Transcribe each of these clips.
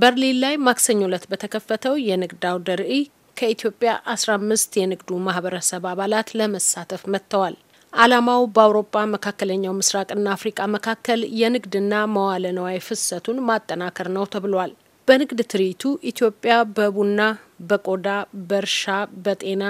በርሊን ላይ ማክሰኞ ዕለት በተከፈተው የንግድ አውደ ርዕይ ከኢትዮጵያ 15 የንግዱ ማህበረሰብ አባላት ለመሳተፍ መጥተዋል። ዓላማው በአውሮፓ መካከለኛው ምስራቅና አፍሪቃ መካከል የንግድና መዋለ ነዋይ ፍሰቱን ማጠናከር ነው ተብሏል። በንግድ ትርኢቱ ኢትዮጵያ በቡና፣ በቆዳ፣ በእርሻ፣ በጤና፣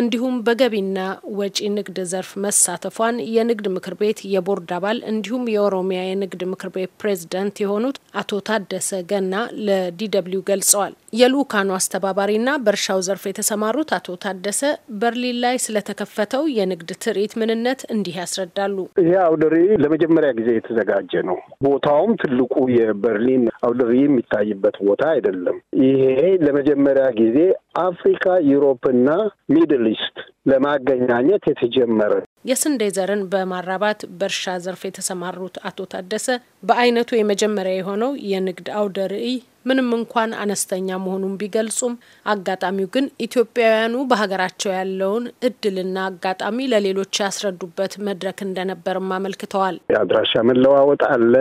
እንዲሁም በገቢና ወጪ ንግድ ዘርፍ መሳተፏን የንግድ ምክር ቤት የቦርድ አባል እንዲሁም የኦሮሚያ የንግድ ምክር ቤት ፕሬዝዳንት የሆኑት አቶ ታደሰ ገና ለዲደብሊው ገልጸዋል። የልኡካኑ አስተባባሪና በእርሻው ዘርፍ የተሰማሩት አቶ ታደሰ በርሊን ላይ ስለተከፈተው የንግድ ትርኢት ምንነት እንዲህ ያስረዳሉ። ይህ አውደሪ ለመጀመሪያ ጊዜ የተዘጋጀ ነው። ቦታውም ትልቁ የበርሊን አውደሪ የሚታይበት ቦታ አይደለም። ይሄ ለመጀመሪያ ጊዜ አፍሪካ፣ ዩሮፕና ሚድል ኢስት ለማገናኘት የተጀመረ የስንዴ ዘርን በማራባት በእርሻ ዘርፍ የተሰማሩት አቶ ታደሰ በአይነቱ የመጀመሪያ የሆነው የንግድ አውደ ርዕይ ምንም እንኳን አነስተኛ መሆኑን ቢገልጹም አጋጣሚው ግን ኢትዮጵያውያኑ በሀገራቸው ያለውን እድልና አጋጣሚ ለሌሎች ያስረዱበት መድረክ እንደነበርም አመልክተዋል። የአድራሻ መለዋወጥ አለ።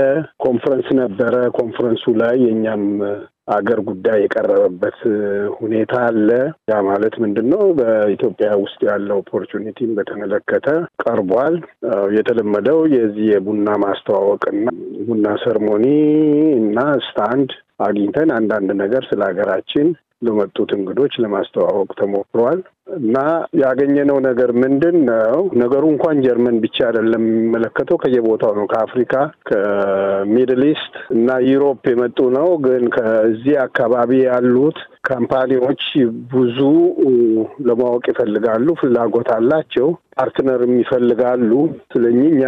ኮንፈረንስ ነበረ። ኮንፈረንሱ ላይ የእኛም አገር ጉዳይ የቀረበበት ሁኔታ አለ። ያ ማለት ምንድን ነው? በኢትዮጵያ ውስጥ ያለው ኦፖርቹኒቲን በተመለከተ ቀርቧል። የተለመደው የዚህ የቡና ማስተዋወቅና ቡና ሰርሞኒ እና ስታንድ አግኝተን አንዳንድ ነገር ስለ ሀገራችን ለመጡት እንግዶች ለማስተዋወቅ ተሞክሯል። እና ያገኘነው ነገር ምንድን ነው? ነገሩ እንኳን ጀርመን ብቻ አይደለም የሚመለከተው፣ ከየቦታው ነው። ከአፍሪካ፣ ከሚድል ኢስት እና ዩሮፕ የመጡ ነው። ግን ከዚህ አካባቢ ያሉት ካምፓኒዎች ብዙ ለማወቅ ይፈልጋሉ፣ ፍላጎት አላቸው፣ ፓርትነርም ይፈልጋሉ። ስለዚህ እኛ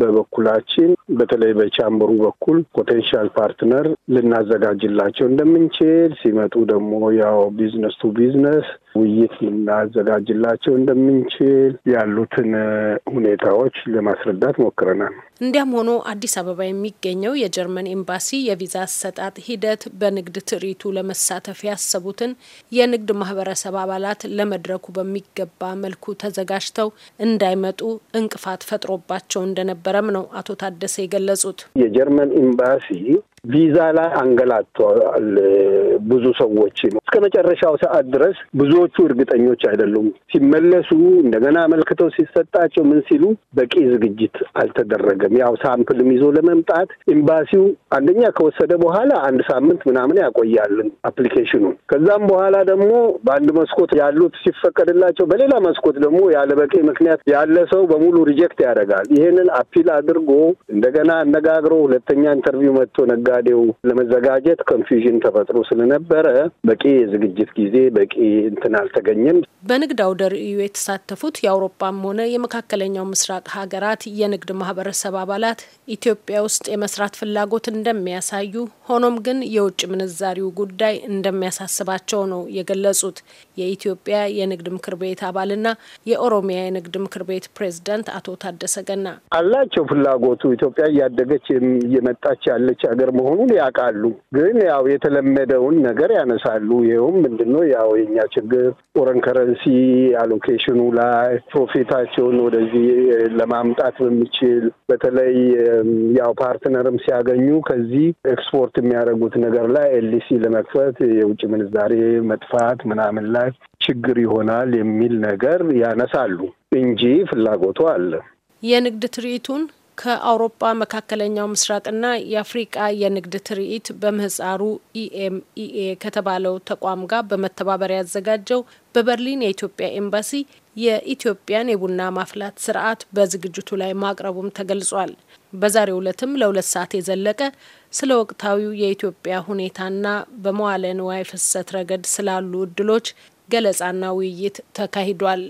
በበኩላችን በተለይ በቻምበሩ በኩል ፖቴንሻል ፓርትነር ልናዘጋጅላቸው እንደምንችል ሲመጡ ደግሞ ያው ቢዝነስ ቱ ቢዝነስ ውይይት ልና ላዘጋጅላቸው እንደምንችል ያሉትን ሁኔታዎች ለማስረዳት ሞክረናል። እንዲያም ሆኖ አዲስ አበባ የሚገኘው የጀርመን ኤምባሲ የቪዛ አሰጣጥ ሂደት በንግድ ትርኢቱ ለመሳተፍ ያሰቡትን የንግድ ማህበረሰብ አባላት ለመድረኩ በሚገባ መልኩ ተዘጋጅተው እንዳይመጡ እንቅፋት ፈጥሮባቸው እንደነበረም ነው አቶ ታደሰ የገለጹት። የጀርመን ኤምባሲ ቪዛ ላይ አንገላቷል ብዙ ሰዎች ነው። እስከ መጨረሻው ሰዓት ድረስ ብዙዎቹ እርግጠኞች አይደሉም። ሲመለሱ እንደገና አመልክተው ሲሰጣቸው ምን ሲሉ በቂ ዝግጅት አልተደረገም። ያው ሳምፕልም ይዞ ለመምጣት ኤምባሲው አንደኛ ከወሰደ በኋላ አንድ ሳምንት ምናምን ያቆያልን አፕሊኬሽኑ። ከዛም በኋላ ደግሞ በአንድ መስኮት ያሉት ሲፈቀድላቸው፣ በሌላ መስኮት ደግሞ ያለ በቂ ምክንያት ያለ ሰው በሙሉ ሪጀክት ያደርጋል። ይህንን አፒል አድርጎ እንደገና አነጋግሮ ሁለተኛ ኢንተርቪው መጥቶ ነጋ ለነጋዴው ለመዘጋጀት ኮንፊዥን ተፈጥሮ ስለነበረ በቂ የዝግጅት ጊዜ በቂ እንትን አልተገኘም። በንግድ አውደ ርዕዩ የተሳተፉት የአውሮፓም ሆነ የመካከለኛው ምስራቅ ሀገራት የንግድ ማህበረሰብ አባላት ኢትዮጵያ ውስጥ የመስራት ፍላጎት እንደሚያሳዩ ሆኖም ግን የውጭ ምንዛሪው ጉዳይ እንደሚያሳስባቸው ነው የገለጹት። የኢትዮጵያ የንግድ ምክር ቤት አባልና የኦሮሚያ የንግድ ምክር ቤት ፕሬዝዳንት አቶ ታደሰ ገና አላቸው ፍላጎቱ ኢትዮጵያ እያደገች እየመጣች ያለች ሀገር መሆኑን ያውቃሉ። ግን ያው የተለመደውን ነገር ያነሳሉ። ይኸውም ምንድነው ያው የኛ ችግር ፎረን ከረንሲ አሎኬሽኑ ላይ ፕሮፊታቸውን ወደዚህ ለማምጣት በሚችል በተለይ ያው ፓርትነርም ሲያገኙ ከዚህ ኤክስፖርት የሚያደርጉት ነገር ላይ ኤልሲ ለመክፈት የውጭ ምንዛሬ መጥፋት ምናምን ላይ ችግር ይሆናል የሚል ነገር ያነሳሉ እንጂ ፍላጎቱ አለ። የንግድ ትርኢቱን ከአውሮፓ መካከለኛው ምስራቅና የአፍሪቃ የንግድ ትርኢት በምህፃሩ ኢኤምኢኤ e e ከተባለው ተቋም ጋር በመተባበር ያዘጋጀው በበርሊን የኢትዮጵያ ኤምባሲ የኢትዮጵያን የቡና ማፍላት ስርዓት በዝግጅቱ ላይ ማቅረቡም ተገልጿል። በዛሬው ዕለትም ለሁለት ሰዓት የዘለቀ ስለ ወቅታዊው የኢትዮጵያ ሁኔታና በመዋለ ንዋይ ፍሰት ረገድ ስላሉ እድሎች ገለጻና ውይይት ተካሂዷል።